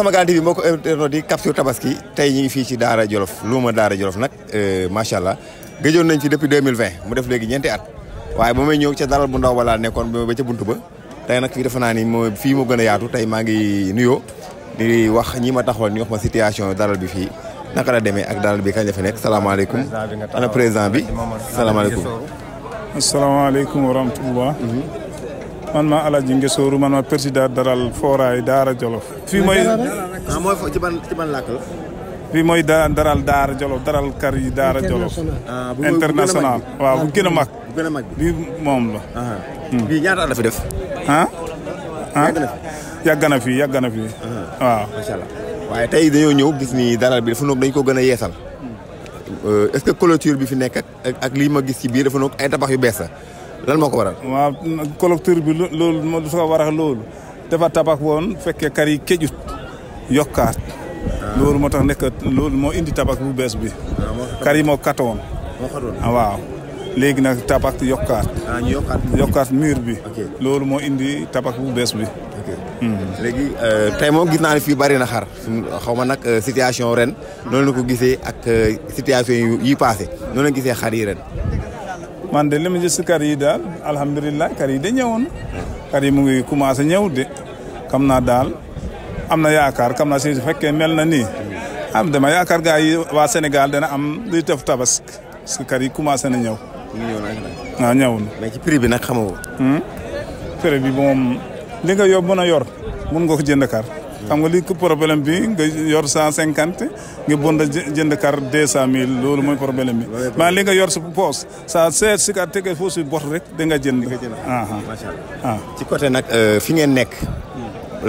Samagal TV mbokk internet yi capture tabaski tey ñu ngi fii ci Daara Jolof luuma Daara Jolof nag euh, macha allah nañ ci depuis mu def léegi ñeenti at waaye ba may ñëw ca daral bu ndaw balaa nekkoon ba ca buntu ba tey nag fii defe naa ni moo fii moo gën a yaatu tey maa ngi nuyoo di wax ñii ma taxoon ñu wax ma situation daral bi fi naka la demee ak daral bi kañ la fi nekk salaamaaleykum ana président bi salaamaaleykum asalaamaaleykum wa rahmatullah mhm. man maa Alaaji Ngesooru man maa président daral Foray Daara Jolof. fii mooy mooy ci ban ci ban làkk la. fii mooy da daral Daara Jolof daral kar yi Daara Jolof. international waaw bu gën a mag. bu gën a mag bi moom la. bii ñaata at la fi def. ah. ah yàgg na fi yàgg na fi waaw. macha allah waaye tey dañoo ñëw gis ni daral bi dafa noog dañ ko gën a yeesal. est-ce que clôture bi fi nekk ak ak lii ma gis ci biir dafa noog ay tabax yu bees la. lal moo ko waral. waaw collecteur bi loolu moo su ko waral tabax woon fekkee kar yi kejut yokkaat. Ah. loolu moo tax nekk loolu moo indi tabak bu bees bi. Ah, kari yi moo katoon. Ah, waaw. léegi nag tabax yokkaat. ah ñu yokkaat yokkaat mur bi. loolu moo indi tabak bu bees bi. Hmm. léegi euh, tey moom gis naa fi fii bari na xar xaw ma nag euh, situation ren. noonu la ko gisee ak euh, situation yi passé noonu la gisee xar ren. man de li ma gis yi daal alhamdulilah kar yi de ñëwoon kar yi mu ngi commencé ñëw de xam naa daal am na yaakaar xam naa si fekkee mel na ni am dama yaakaar gaa yi waa Sénégal dana am luy tëf tabask parce que yi commencé na ñëw. waaw ñëwoon. prix bi nag xamoo hmm? prix bi moom li mën a yor mun nga ko jënd kar. xam nga li problème bi nga yor cent cinquante nga bond jënd kar deux cent mille loolu mooy problème bi maa li nga yor si poos saa seet si ka tege foo si bor rek da nga jënd ah, ah. macha allah ah. ci côté nag euh, fi ngeen nekk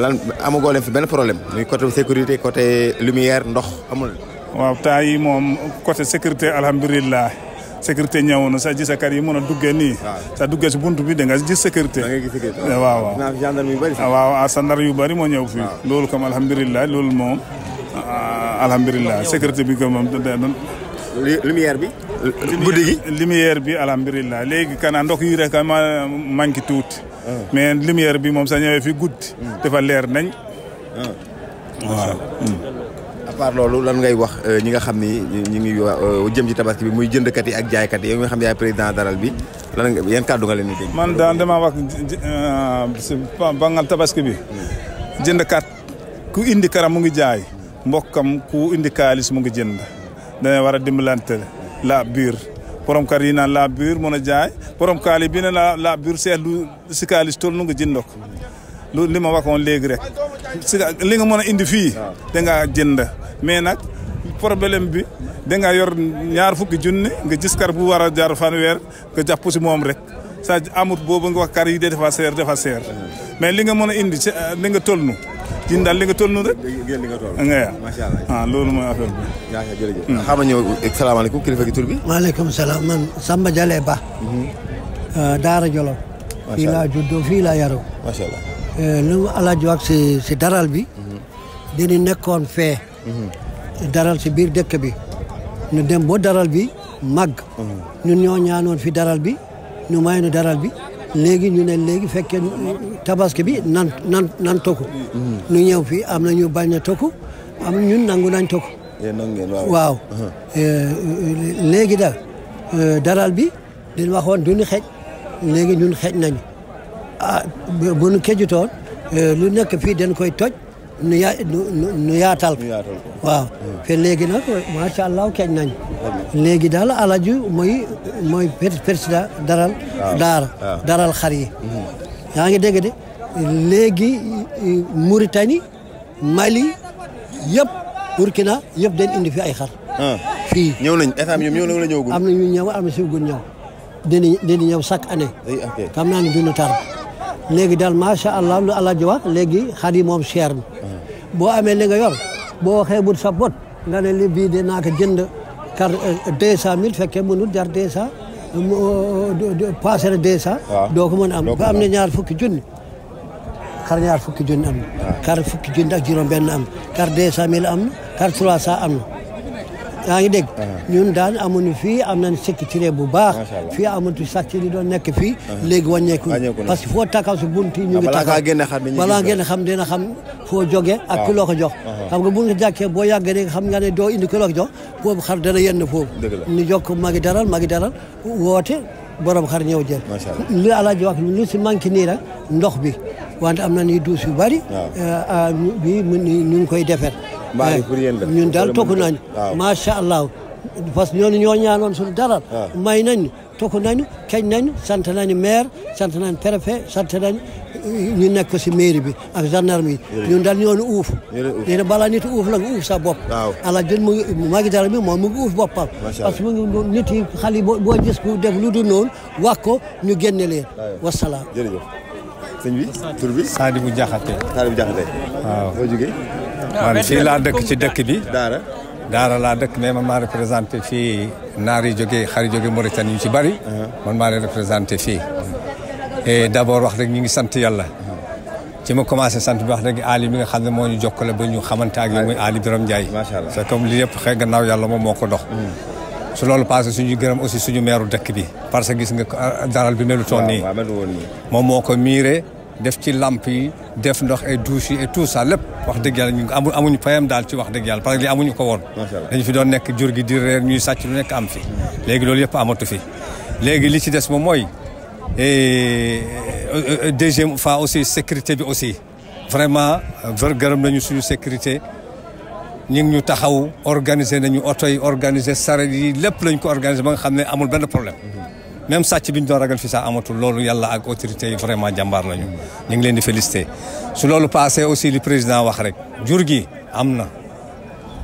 lan amagoo fi benn problème muy côté sécurité côté lumière ndox amul waaw temps yi moom côté sécurité alhamdulilah sécurité ñëwoon sa ji sa kar yi mëna duggé ni sa duggé ci buntu bi da nga gis sécurité eh, waaw waaw waaw sandar yu bari mo ñew fi ah, ah, loolu kam alhamdullilah loolu mom ah, alhamdullilah sécurité bi kam lumière bi guddi gi lumière bi alhamdulilah léegi kana ndox yi rek ma manki tout mais lumière bi mom sa ñewé fi guddi hmm. dafa lèr nañ waaw part loolu lan ngay wax euh, ñi nga xam ni ñi ngi euh, jëm ci tabaski bi muy jëndkat yi ak jaaykat yi nga xam yaay président daral bi lan nga yan kàddu nga leen di man daan dama wax euh, bangal tabaski bi jëndkat ku indi karam mu ngi jaay mbokam ku indi kaalis mu ngi jënd dañu war a dimbalante la bir borom kar yi naan la bir mën a jaay borom kaali bi ne la la biir seetlu si kaalis tol nu nga jëndoo lu lima ma waxoon léegi rek si li nga mën indi fi ah. da nga jënd mais nak problème bi da nga yor ñaar fukki jooni nga gis kar bu wara jaar fan wer ke japp ci mom rek sa amut bobu nga wax kar yi defa ser defa ser mais li nga indi ci euh, li nga tolnu nu jin li nga tolnu rek li nga tolnu nga yaa macha allah ah, loolu affaire bi jere ya, ya, jërëjëf hmm. xam nga ñëw salaamaaleykum kilifa gi tur bi maaleykum salam man Samba jale Ba mhm. euh, daara Jolof fii laa juddoo fii yaro yaroo allah Eh, li mu wax si si daral bi dañu nekkoon fee daral si biir dëkk bi ñu dem ba daral bi màgg ñun ñoo ñaanoon fi daral bi ñu may nu daral bi léegi ñu ne léegi fekkee tabaski bi nan tokku ñu ñëw fii am na ñu bañ a tokku am ñu nangu nañ tokku waaw uh-huh. eh, léegi daal eh, daral bi dañ waxoon duñu xeej léegi ñun xeej nañ ah bu nu kejutoon eh, lu nekk fii dañ koy toj nu ya yaatal ko waaw fe léegi nag macha allah keñ nañ léegi daal alaju mooy mooy président daral daara daral xar yi mhm. yaa ngi dégg de léegi Mauritanie Mali yëpp Burkina yëpp dañ indi fi ay xar ah. fii ñëw nañ état bi ñoom ñëw na ñu ñëw am na si gun ñëw dinañ dinañ ñëw chaque année xam dunu tar léegi daal macha allah lu alaaji wax léegi xar yi moom cher na boo amee li nga yor boo xeebul sa bot nga ne li bii de naa ko jënd car euh, deux cent mille fekkee mënul jar deux cent euh, passé na deux cent doo ko mën am ba am ne ñaar fukki junni kar ñaar fukki junni am na kar fukki junni ak juróom benn am na kar deux cent mille am na kar trois am yaa ngi dégg ah. ñun daan amuñu fii am nañ sécurité bu baax fii amatu sàcc li doon nekk fii ah. léegi wàññeeku parce que foo takkaw si bunt yi ñu ngi takkaw balaa genn xam dina xam foo joge ak ki jox xam nga bu nga jàkkee boo yàggee rek xam nga ne doo indi ki loo ko jox foofu xar dana yenn foofu ni jokk magi daral magi daral woote borom xar ñëw jël li alaaji wax lu si manqué nii rek ndox bi wante am na ni duus yu bari bi eh, ah, ñu ngi koy defar mbaa eh, yi pour yéen la ñun daal tokku nañ macha allah parce que ñooñu ñoo ñaanoon suñu dara ah. may nañ tokku nañu kañ nañu sant nañu maire sant nañu préfet sant nañu eh, ñu nekk si mairie bi ak gendarmerie yi ñun daal ñoonu uuf dina bala nit uuf sa bopp ala jën mu ngi magi dara bi moom mu ngi uuf boppam parce que mu ngi nit yi xale yi boo gis ku def lu dul noonu wax ko ñu génne leen ah, wasalaam jërëjëf sëñ bi tur bi Sadibou Diakhaté man fii laa dëkk ci dëkk bi. Daara Daara laa dëkk mais man maa représenté fii naar yi jógee xar yi jógee Mauritanie yu ci bari. man maa leen représenté fii. et d' abord wax rek ñu ngi sant yàlla. ci ma commencé sant bi wax rek Ali mi nga xam ne moo ñu jokkale ba ñu xamante ak yow muy Ali Biram Ndiaye. macha allah c'est comme li yëpp xëy gannaaw yàlla moom moo ko dox. su loolu passé suñu gërëm aussi suñu meeru dëkk bi. parce que gis nga daral bi melutoon nii. waaw nii moom moo ko miiree. def ci lamp yi def ndox ay douche yi et tout ça lépp wax dëgg yàlla ñu amu amuñu payam daal ci wax dëgg yàlla parce que lii amuñu ko woon dañu fi doon nekk jur gi di reer ñuy sàcc lu nekk am fi léegi loolu yëpp amatu fi léegi li ci des moom mooy euh, euh, deuxième fois aussi sécurité bi aussi vraiment gërëm nañu suñu sécurité ñu ñu taxaw organiser nañu oto yi organiser saret yi lépp lañ ko organiser ba nga xam ne amul benn problème mm-hmm. même sàcc bi ñu doon ragal fi sax amatul loolu yàlla ak autorité yi vraiment jàmbaar lañu ñu ngi leen di félicité su loolu passé aussi li président wax rek jur gi am na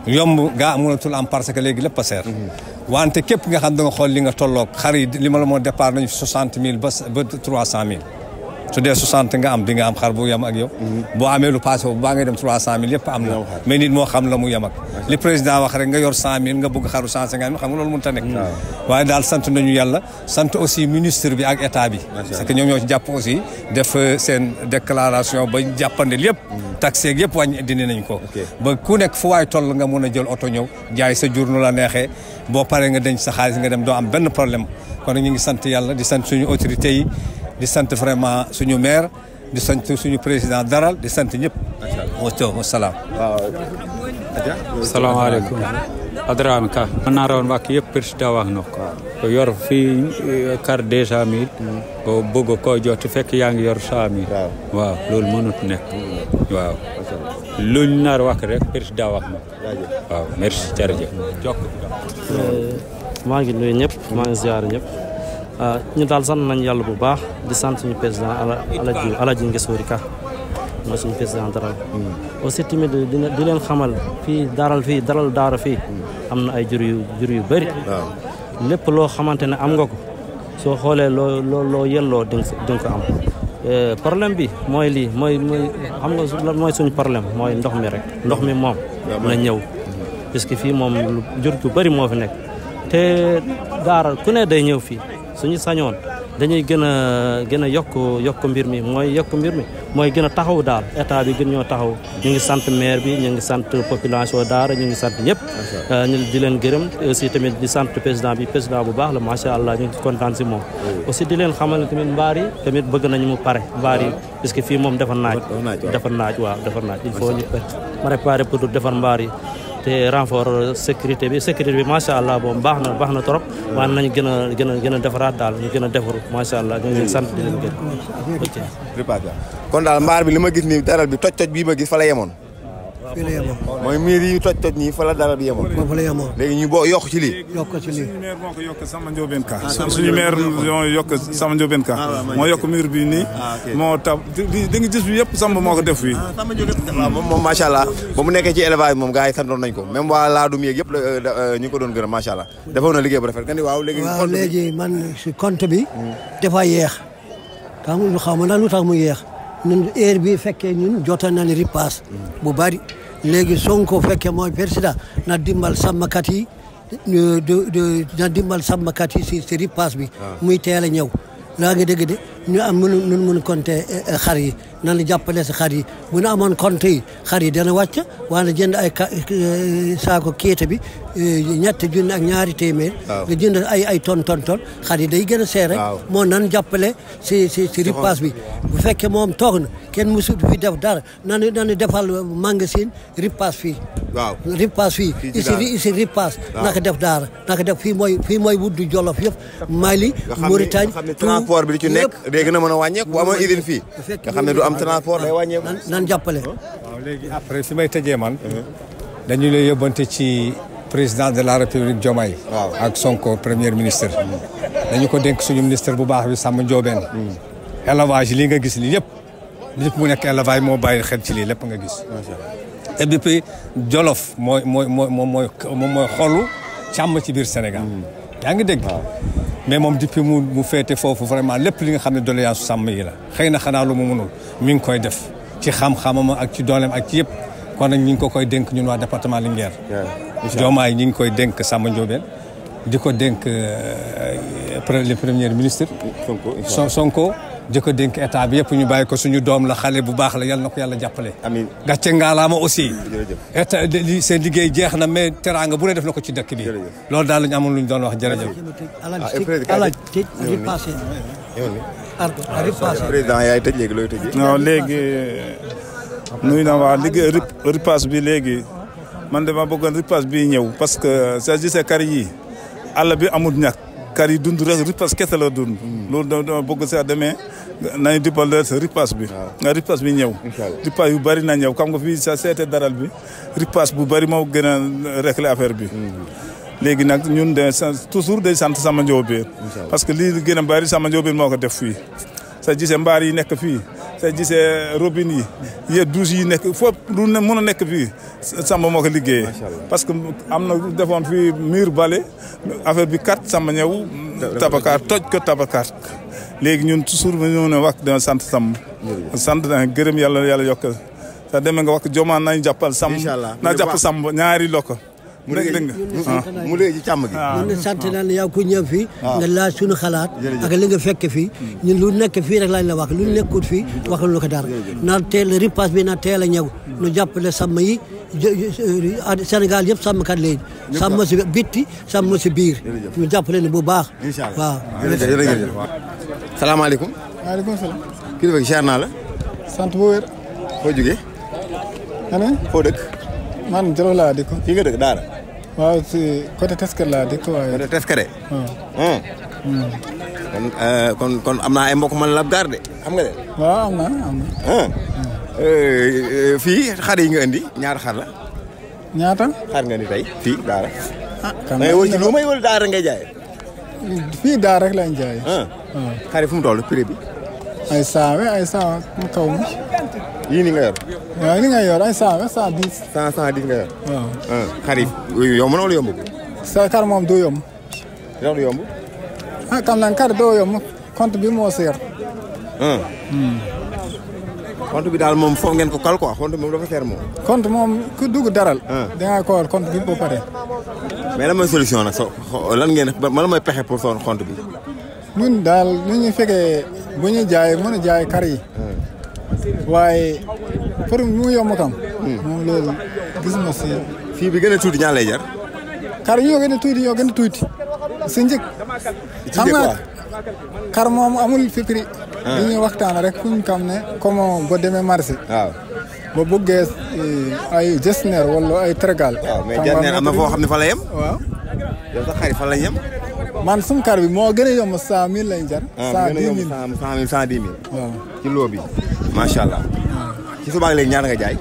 yomb gaa mënatul am parce que léegi lépp a seer mhm. wante képp nga xam da nga xool li nga tolloog xar yi li ma la moo départ nañu soixante mille ba trois cent mille su dee 60 nga am di nga am xar bu yem ak yow mhm. boo amee lu passé boobu baa ngay dem 300000 yëpp am na mais nit moo xam la mu yem ak li président wax rek nga yor 100000 nga bëgg xaru 150 mille xam nga loolu mënut a nekk waaye daal sant nañu yàlla sant aussi ministre bi ak état bi parce que ñoom ñoo ci jàpp aussi def euh, seen déclaration ba jàppandel yëpp mhm. taxe yeeg yëpp wàññi dindi nañ ko ba ku nekk fu waay toll nga mun a jël oto ñëw jaay sa jur nu la neexee boo paree nga denc sa xaalis nga dem doo am benn problème kon ñu ngi sant yàlla di sant suñu autorité yi di sant vraiment suñu maire di sant suñu président daral di sant ñëpp. macha allah wa taw wa salaam. waaw. salaamaaleykum. Adrame Ka. mën naa rawoon wax yëpp président wax na ko. yor fii carte deux cent mille. ko bëgg koo jot fekk yaa ngi yor cent mille. waaw loolu mënut nekk. Mm. waaw. luñ naar wax rek président wax na ko. waaw merci jërëjëf. jokk eh, maa ngi nuyu ñëpp maa ngi ziar ñëpp. Euh, ñu daal sant nañ yàlla bu baax di sant suñu président Aladji Aladji Nguessory Ka mooy suñu président daral hmm. aussi tamit di leen xamal fii daral fii daral daara fii hmm. am na ay jur yu yu bëri lépp loo xamante ne am nga ko soo xoolee loo loo loo yelloo di am euh, problème bi mooy lii mooy mooy xam nga lan mooy suñu problème mooy ndox mi rek ndox mi moom hmm. na ñëw parce que fii moom jur yu bëri moo fi nekk te daara ku ne day ñëw fii suñu sañoon dañuy gën a gën a yokk yokk mbir mi mooy yokk mbir mi mooy gën a taxaw daal état bi gën ñoo taxaw ñu ngi sant maire bi ñu ngi sant population daara ñu ngi sant ñëpp euh, ñu di leen gërëm aussi tamit di sant président bi président bu baax la macha allah ñu ngi kontaan si moom aussi di leen xamal ne tamit mbaar yi tamit bëgg nañu mu pare mbaar yi ah. parce que fii moom dafa naaj dafa naaj waaw dafa naaj il faut ñu préparer pour defar mbaar yi te renfort sécurité bi sécurité bi macha allah boobu baax na baax na trop nañu gën a a gën a defaraat daal ñu gën a defaru macha allah ñu ngi sant di leen gën. kon daal mbaar bi li ma gis nii daral bi toj toj bii ma gis fa la fii la yemoon mooy miir yi toj toj nii fa dara bi yemoon fa la yemoon léegi ñu boo yokk ci lii yokk ci lii moo yokk sama njóobeen ka suñu maire moo yokk sama njóobeen ah, ka moo ah, bi nii ah, moo tab di nga gis bi yëpp samba moo ko def fii moom macha allah ba mu nekk ci élevage moom gars yi santoon nañ ko même waa laa yeeg yëpp euh, euh, ñu ngi ko doon gërëm macha allah defoon na liggéey bu rafet nga ni waaw léegi man si bi hmm. dafa yeex xam xaw ma nag lu tax yeex ñun heure bi fekkee ñun jotoon nañ ripaas hmm. bu bari léegi Sonko fekkee mooy président na dimbal sàmmkat yi de na dimbal sàmmkat yi si ripaas bi. Ah. muy teel a ñëw. laa ngi dégg de ñu am mënu nun mun compter eh, eh, xar yi nan la jàppale si xar yi bu ñu amoon compter yi xar yi dana wàcc waana jënd ay eh, saako kéete bi ñetti junni ak ñaari téeméer nga jënd ay ay ton ton ton xar yi day gën a seer moo nan jàppale si si si ripaas bi bu fekkee moom toog na kenn mësut fi def dara nañu nañu defal magasin ripaas fii. waaw ripaas fii. fii ci isi ripaas. naka def dara naka def fii mooy fii mooy wuddu jolof yëpp. Mali Mauritanie nga xam ne transport bi di ci nekk léegi na mën a wàññeeku bu amoon usine fii. nga xam ne du am transport day wàññeeku. nan nan jàppale. waaw léegi après si may tëjee man. dañu lay yóbbante ci président de la république Diomaye. waaw ak Sonko premier ministre. Hmm. dañu ko dénk suñu ministre bu baax bi Samba Ndiobène. Hmm. élevage li nga gis li yëpp. nit bu nekk élevage moo bàyyi xel ci lii lépp nga gis. macha Jolof mooy mooy mooy moom mooy xolu càmm ci biir Sénégal. Hmm. yaa ngi dégg. mais moom depuis mu mu féete foofu vraiment lépp li nga xam ne doléance sàmm yi la xëy na xanaa lu mu mënul mi ngi koy def ci xam-xamam ak ci dooleem ak ci yëpp kon nag ñu ngi ko koy dénk ñun waa département Linguère. joomaay ñu ngi koy dénk Samba Ndiobène di ko dénk euh, le premier ministre. Sonko ko jëko dénk état bi yëpp ñu bàyyi ko suñu doom la xale bu baax la yal na ko yàlla jàppale gàcce ngaalaama aussi état seen liggéey jeex na mais teranga bu ne def na ko ci dëkk bi loolu daal lañu amoon luñ doon wax jërëjëf alaaj ah, tëj ripassé ah, président yaay tëj léegi looy tëjee non léegi nuy na waa liggéey ripasse bi léegi man dama bëggoon ripasse bi ñëw parce que sa gisee kar yi àll bi amul ñàkk kar yi dund rek ripaas kese la dund. Hmm. loolu dama dama bëgg saa demee nañu dimbali sa ripaas bi. nga ripaas bi ñëw. ripaas yu bari na ñëw xam nga fii sa seete daral bi ripaas bu bari moo gën a régler affaire bi. Hmm. léegi nag ñun de toujours day sant sama njóobeen. parce que lii gën a bari sama njóobeen moo ko def fii. sa gisee mbaar yi nekk fii. soo gisee robine yi yee douche yi nekk foofu lu ne mën a nekk fii Samba moo ko liggéeyee. parce que am na lu defoon fii mur bale affaire bi kat Samba ñëw. tabakaar toj ko tabakaar léegi ñun toujours ñu ñëw ne wax dama sant Samba. sant na gërëm yàlla yàlla yokk sa demee nga wakk jomaan nañ jàppal. Samba na jàpp Samba ñaari lokk. mu mu léegi ci ah. càmm gi ah. sant naan yaa ko ñëw fii ah. nga laaj suñu xalaat ak li fekk fi hmm. ñun lu nekk fii rek lañ la wax lu nekkut fii waxal lu ko dara naan teel ripaas bi na teel a ñëw hmm. nu jàppale sàmm yi euh, Sénégal yëpp sàmmkat léegi sàmm si bitti sàmm si biir ñu jàppale ne bu baax waaw salaamaaleykum waaleykum salaam kilifa gi siyaar naa la sant bu foo jógee ana foo dëkk man Jolof laa dëkk. fii nga dëkk Daara. waaw si côté Teskere laa dëkk waaye. côté Teskere. waaw. Hmm. Hmm. kon euh, kon kon am naa ay mbokk man lab gaar de waaw am na. Hmm. Euh, euh, fii xar yi nga indi ñaar xar la. ñaata. xar nga ni tey fii Daara. ah kan la ci lu may wala jaay. fii Daara rek lañ jaay. xar yi fu mu toll bi. ay cent ay cent mu kaw mi. yii ni nga yor. waaw li nga yor ay cent vingt cent dix. cent cent dix nga yor. waaw. Ah, xar yi yomb na sa kar moom du yomb. yow du yomb. ah kam lan kar doo yomb compte bi moo seer. Ah. Hmm. compte bi daal moom foog ngeen ko kal quoi compte bi moom dafa seer moom. compte moom ku dugg daral. Ah. da ngaa ko war compte bi ba pare. mais lan mooy solution nag so lan ngeen man lan pexe pour son compte bi. ñun daal nu ñu fekkee. bu ñu jaay mën a jaay kar yi waaye pour mu yomb kam hmm. moom loolu gis ma si fii bi gën a tuuti ñaa lay jar kar yoo gën a tuuti yoo gën a tuuti si njëg kar moom amul fi prix li ah. ñuy waxtaan rek fuñ kam ne comme boo demee marché waaw ba bëggee eh, ay jesner wala ay tergal waaw mais jesner na foo xam ne fa la yem waaw yow sax xarit fa yem man sumkar bi moo gën a yomb cent mille lay jar. Ah, cent dix a yomb cent mille cent dix mille. waaw bi. macha allah. Ah. ci subaa léegi nga jaay.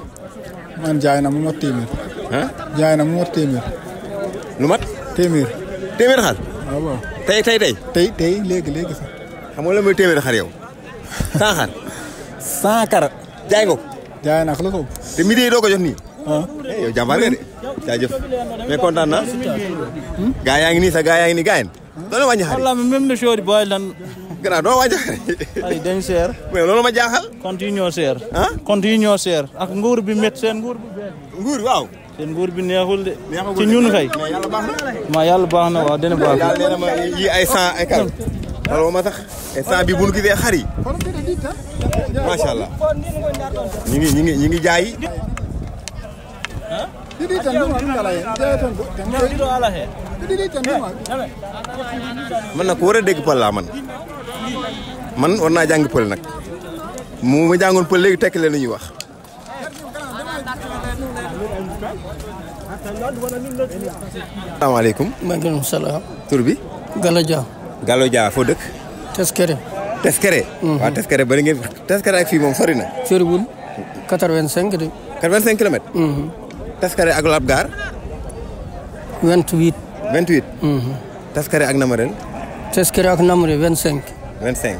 man jaay na mu mat téeméer. jaay na mu mat téeméer. lu mat. téeméer. téeméer xar. waaw ah, waaw tey tey tey. tey tey léegi léegi nga lan mooy téeméer xar yow. cent xar. cent jaay nga jaay naa ko la ko. te midi yi doo ko jot nii. ah eh, yow jàmbaar nga de. jaajëf kontaan naa. Hmm? yaa ngi nii sax gaa yaa ngi nii gaa loolu ma jaaxal walla même les choses booy lan. gannaaw doo ma jaaxal. ay seer. mais loolu ma jaaxal. continué seer. ah continué seer ak nguur bi métti seen nguur bi. nguur bi neexul de. ci ñun kay. yàlla baax na. ma yàlla baax na waaw dina baax. na ma ay cent ay kàr. loolu ma tax instant bi bu ñu gisee xar yi. allah. ñu ngi jaay. didi tandu ma dum ya? he jaa tan tandu ya? didi tandu man nak deg pal la man man war jang pal nak mu ma jangon pal legi tek leen ñuy wax assalamu alaykum maaleykum salaam tur fo deuk teskere teskere wa mhm. ah, teskere bari ngeen teskere ak fi mom sori na sori 85 de 85 km hmm Taskare ak Labgar. 28. 28. Taskare ak Namarène. Taskare ak Namarène 25. 25.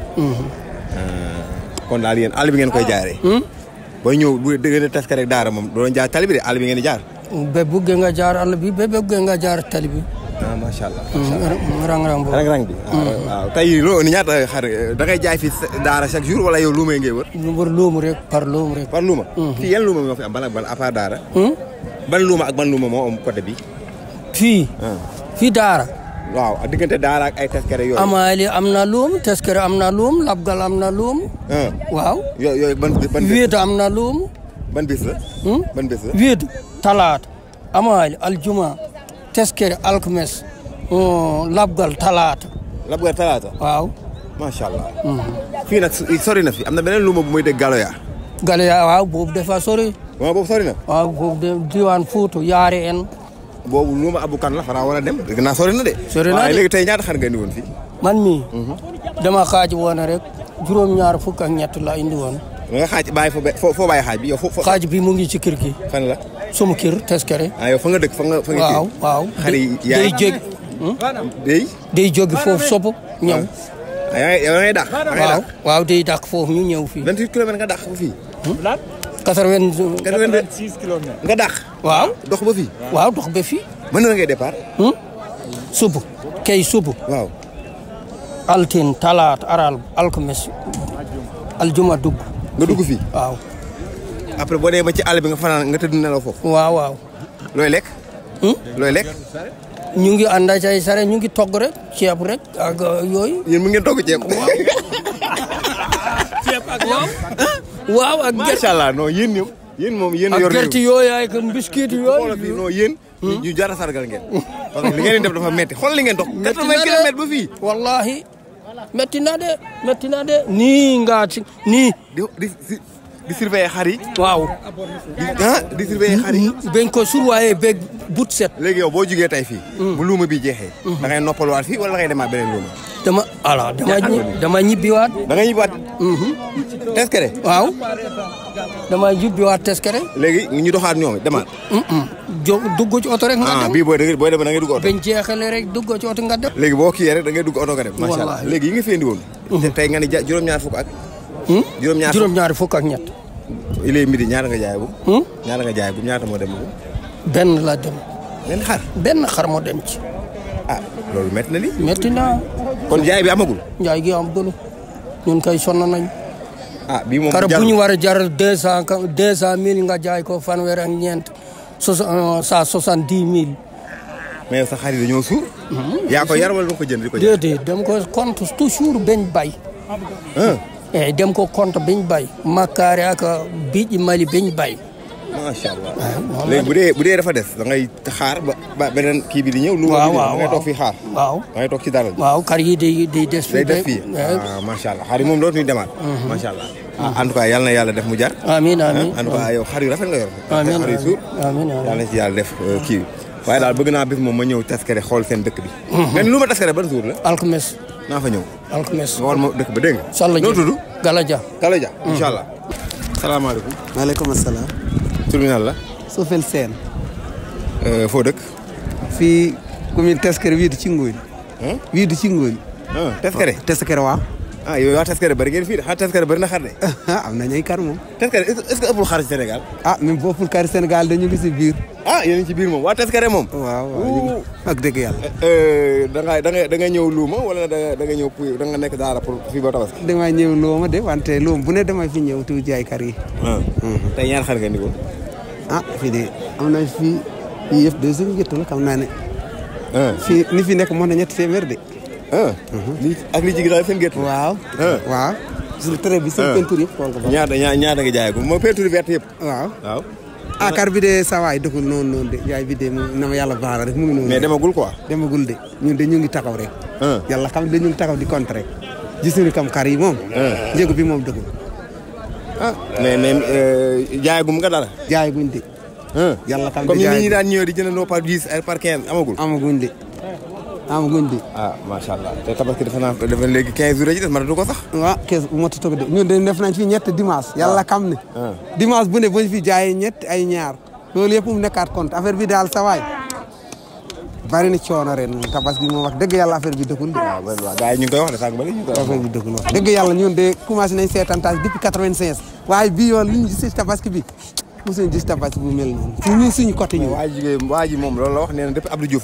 kon daal yéen àll bi ngeen koy jaaree. Hmm? booy ñëw bu dëggee Taskare ak Daara moom doo doon jaar tali bi de àll ngeen di jaar. ba buggee nga jaar àll bi ba buggee nga jaar tali bi. ah macha allah. Hmm, rang-rang boobu rang-rang bi. Hmm. Ah, waaw tey loo ni ñaata xar da ngay jaay fi daara chaque jour wala yow luumee ngay wër. ñu wër luumu rek par luumu rek. par luuma. Hmm. fii yan luuma moo fi am bala bala à part daara. ban luuma ak ban luuma moo am côté bi. fii. Ah. fii daara. waaw diggante daara ak ay taskare yooyu. amaali am na luum taskare am labgal am na luum. Ah. waaw. yooyu yooyu ban ban. wéetu am na ban bis la. ban bis la. wéetu talaata amaali aljuma. teskere alkames labgal talaata labgal talaata waaw macha allah mhm. fii nag sori na fi am na beneen luuma bu muy dégg galoya galoya waaw boobu dafa sori waaw boobu sori na waaw boobu de diwaan Fuuta yaare en boobu luuma abu kan la xanaa war a dem dégg naa sori na de sori de léegi tey ñaata xar nga indi woon fii man mii mhm. dama xaaj woon rek juróom-ñaar fukk ak ñett la indi woon nga xaaj bàyyi foo xaaj bi yow foo xaaj bi mu ngi ci kër gi fan la sama kër Teskere. ah yow fa nga dëkk fa nga fa nga waaw waaw day jóg hmm? day day jóg foofu sopp ñëw. Ah, yow ngay dàq. waaw waaw day dàq foofu ñu ñëw fii. 28 kilomètres nga dàq ba fii. 80. Hmm? 86 kilomètres. nga dàq. waaw dox ba fi waaw dox ba fi mën na ngay départ. Hmm? sub kay sub. waaw. altine talaata aral alxames aljuma dugg. nga dugg fii waaw. après boo dee ba ci àll bi nga fanaan nga tëdd nelaw foofu. waaw waaw. looy lekk. Hmm? looy lekk. ñu ngi ànd ak ay sare ñu ngi togg rek ceeb rek ak euh, yooyu. yéen mu ngi togg ceeb. waaw ceeb ak yow. waaw ak gerte macha allah non yéen ñoom. yéen moom yéen yor ak gerte yooyu ak biscuit yooyu. non yéen. Hmm? ñu jara sargal ngeen. parce que li ngeen def dafa metti xool li ngeen dox. na de 80 kilomètres ba fii. wallahi metina na de metina na de. nii nga ci nii. di di surveiller xar yi. waaw. di ah di surveiller xar yi. bañ ko but set. léegi yow boo jugee tey fii. Mm. bu luuma bi jeexee. Mm-hmm. da ngay noppaluwaat fii wala da ngay demaat beneen luuma. dama voilà dama ñibbiwaat. da nga ñibbiwaat. Mm-hmm. teskere. waaw. dama ñibbiwaat teskere. léegi ñu doxaat ñoom demaat. jo dugg ci oto rek. nga ah, dem ah bii booy dangay booy dem da ngay dugg oto. bañ jeexalee rek dugg oto nga dem. léegi boo kiiyee rek da ngay oto nga dem. macha allah léegi yi nga fi indi woon. te mm-hmm. tey nga juróom-ñaar fukk ak. Hmm? juróom-ñaar fukk ak ñett il est midi ñaata nga jaay bu. Hmm? ñaata nga jaay bu ñaata moo dem bu. benn laa dem. benn xar benn xar moo dem ci. ah loolu métti na li. métti naa. kon jaay bi amagul. jaay gi amagul ñun kay sonn nañ ah bii moom xar bu ñu war a jar deux cent deux cent mille nga jaay ko fanweer ak ñeent euh, cent soixante dix mille. mais sa xar yi dañoo suur. Hmm, yaa ko yar wala nga ko jënd di ko jënd. déedéet dama ko compte toujours bañ bay. eyyi eh, dem ko compte beñ bay makkare aka biiƴƴi mali beñ bay machallah eh, léegi bu dee bu dee dafa des da ngay xaar ba beneen kii bi di ñëw lu waaw waaw ngay toog fii xaar waaw da ngay ci dalal waaw kar yi day day des fii day des fii yi moom dootuñu demaat mhm. machallah ah, en tout cas yal na yàlla def mu jar amin amin ah, en tout cas yow xar yu yal na ci yàlla def euh, kii waaye daal bëgg naa bis moom ma ñëw taskare xool seen dëkk bi mais mhm. lu ma taskare ban jour la alxames naa fa ñëw. alxames wal ma dëkk ba dégg nga. sàll noo tudd. Galaja Galaja. Mm. incha allah. salaamaaleykum. maaleykum salaam. tur soo nan la. Sofel euh, foo dëkk. fii commune Teskere wii di ci Ngoy. wii di ci Ngoy. Ah, Teskere Teskere waaw. ah yow taskare bëri ngeen fii de xanaa taskare na xar de. Ah, ah, am nañ ay kar moom. taskare est-ce que ëppul xar ci ah même boo ëppul xar dañu ngi ci biir. ah yéen ci biir moom waa taskare moom. waaw waaw ak dëgg yàlla. Eh, eh, da nga da nga da nga ñëw luuma wala da nga ñëw da nga pour luuma de wante luuma bu ne damay fi ñëw tuuti ay kar yi. Ah. Mhm. tey ñaar xar nga ni ko. ah fii de am na fii deux cent mille la xam naa ne. fii ni fi na de Ah. lii ak li jigéen daal seen gerte. waaw. Ah. waaw. gis nga traite bi seen ah. peinture yëpp. ñaata ñaata nga jaay ko ma peinture verte yëpp. waaw waaw. akar bi de saa waay dëkkul noonu noonu de yaay bi de na ma yàlla baara rek mu ngi noonu. demagul quoi. demagul de ñun de ñu ngi taxaw rek. yàlla xam ne ñu taxaw di contrer. gis nañu kam kar yi moom. njëgu bi moom dëggul. ah mais mais euh, jaayagum nga dara. jaayaguñ de. yàlla xam ne jaayagum comme ni ñu daan di jëndandoo par par quinze amagul. amaguñ de. amaguñ bi ah macha allah te tabaski defe naa ko defe léegi 15 jours yi des matatu ko sax waaw 15 de ñun de def nañ fi ñett dimanche ah. yàlla xam ne ah. dimanche bu ne bañ fi jaayee ñett ay ñaar loolu yëpp mu nekkaat compte affaire bi daal sawaay bari na coono ren moom tabaski moom wax dëgg yàlla affaire bi dëkkul ah, waaw gars yi ñu ngi koy wax de sànq ba léegi ñu ngi koy wax affaire bi dëkkul wax dëgg yàlla ñun de commencé nañ seetantaas depuis 96 waaye bii yoon li ñu gis tabaski bi mosuñu gis tapas bu mel noonu si ñun suñu côté ñu waa ji waa ji moom loolu la wax nee na depuis Abdou Diouf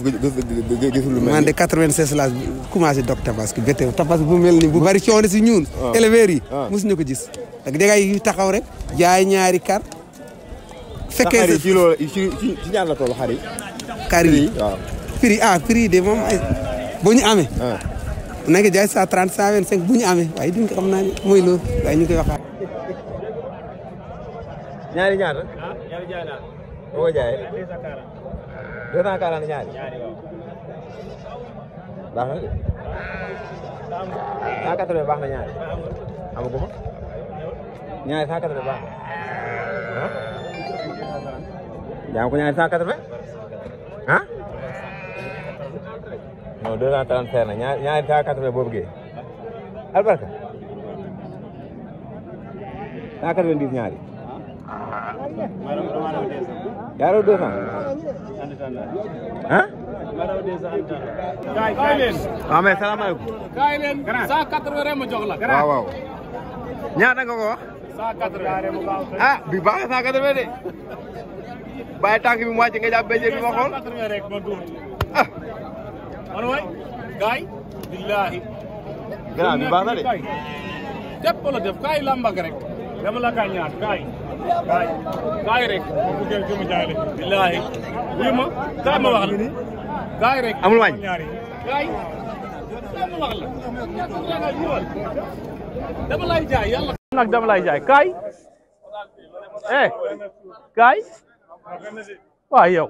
gisul lu mel man de 96 laa commencé dog tabaski ba tey tapas bu mel ni bu bari coono si ñun ah. éleveurs yi ah. mosuñu ko gis dag dangay taxaw rek jaay ñaari kar fekkee ci loolu ci ci ñaar la toll xar yi kar yi waaw ah prix de moom ay bu ñu amee ah. na nga jaay 130 125 bu ñu amee waaye duñ ko xam naa ne mooy ñu koy waxaat ñaari ñaata. ah ñaari jaay laa. boo ko jaayee. 240 baax na de. 180 baax na ñaari. amaguma. ñaari 180 baax na. ah. jaam ko ñaari 180. Ah? ñaari ñaari 180 boobu gee. albarka. 190 ñaari. yaa raw deux cent ah kaay leen waaw mais salaamaaleykum kaay leen cent quatre-vingts ma jox la waaw waaw ñaata nga ko wax cent quatre-vingts ah bi baax na cent quatre-vingts de bàyyi tànk bi mu wàcc nga jàpp bëccëg bi ma xool ah man way gaay bi baax na de tepp la def kaay lamba rek dama la kaay ñaar kaay gaay rek bu gën jëm jaay la billahi wi ma ka ma wax la gaay rek amul wañ gaay dama wax la dama lay jaay yàlla nak dama lay jaay kaay eh kaay waaw yow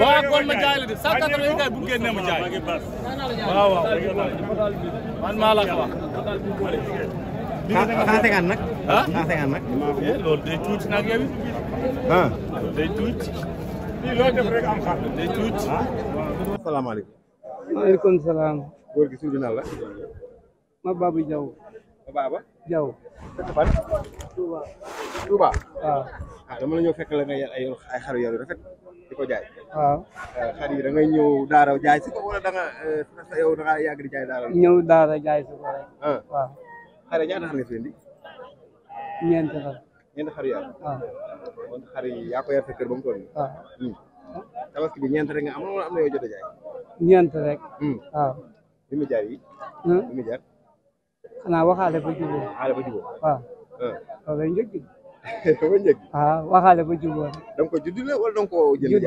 waaw kon ma jaay la de cent quatre-vingts kaay bu génnee ma jaay waaw waaw man maa la ko wax 150 nag. ah 150 nag. loolu day tuuti nag yow. ah loolu salaam. góor gi suñu naan la. ma Babou Diaw. ma Baba Diaw. dëkk fan. Touba. Touba. waaw. ah ñëw fekk la ay ay xaru yaru rafet di ko jaay. waaw. Eh, xar yi da ngay ñëw daara jaay si ko wala da nga eh, jaay daara. ñëw daara jaay si ko rek. Ah. waaw. xare ñaata xar fi indi ñeenti xar ñeenti xar yaa waaw kon xar yaa ko yar sa kër ba mu toll tabaski bi ñeent rek nga am am na yoo jaay ñeent rek waaw li jaar yi li jaar xanaa waxaale ba jubóo waxaale ba jubóo waaw loolu lay njëkk dama ba ko wala ko jaar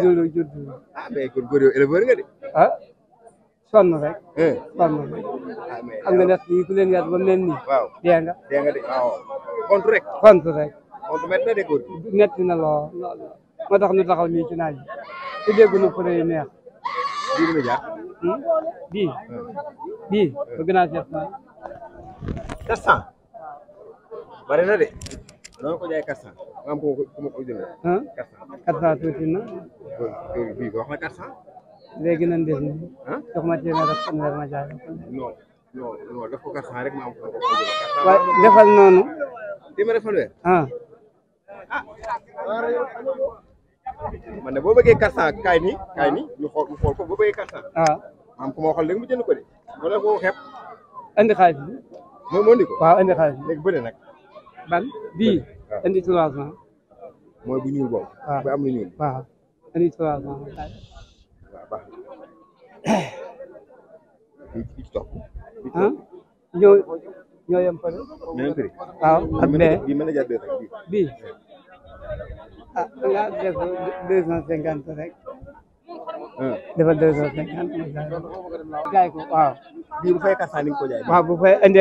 ah mais kon góor yow éleveur nga de ah hmm. sonn rek. sonn rek am na nag lii ku leen yar ba mu leen nii. waaw dee nga. dee nga de waaw contre rek. contre rek. contre métti na de góor métti na lool lool moo tax ñu taxaw nii ci naaj bi te dégg na pare yu neex. bii ma jaar. bii bii bëgg naa sept cent. quatre cent. bari na de. noonu ko jaay quatre cent. ma am ko ku ma ko jëlee. quatre cent quatre cent tuuti na. bii wax na quatre cent. léegi nan def ni jox ma téeméer ak ma jaay non non ma defal noonu téeméer ak fanweer ah man de boo bëggee karsan kaay ni kaay ni ñu xool ñu xool ko boo bëggee karsan waaw ah. maam ku ma waxoon léegi mu jënd ko de wala ko xeeb andi xaalis bi moo moo indi ko waaw andi xaalis bi léegi bële nag ban bii andi trois cent mooy bu ñuul boobu bu baax bi ci topp ah ñoo ñoo yem pare waaw bi ah nga def deux cent cinquante rek defal deux cent cinquante ma jaay ko waaw bii bu fay quatre cent ni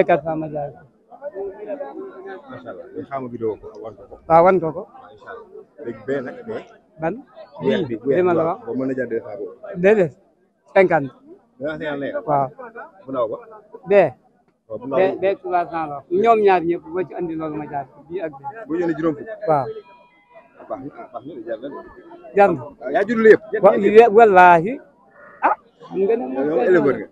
nga ban. lii li ma la wax bu mën a waaw. bu ndaw ba. bee. waaw ñoom ñaar ñëpp boo ci andi loolu ma jaar bii ak bii. wallaahi ah. xam nga ne moom éleveur nga.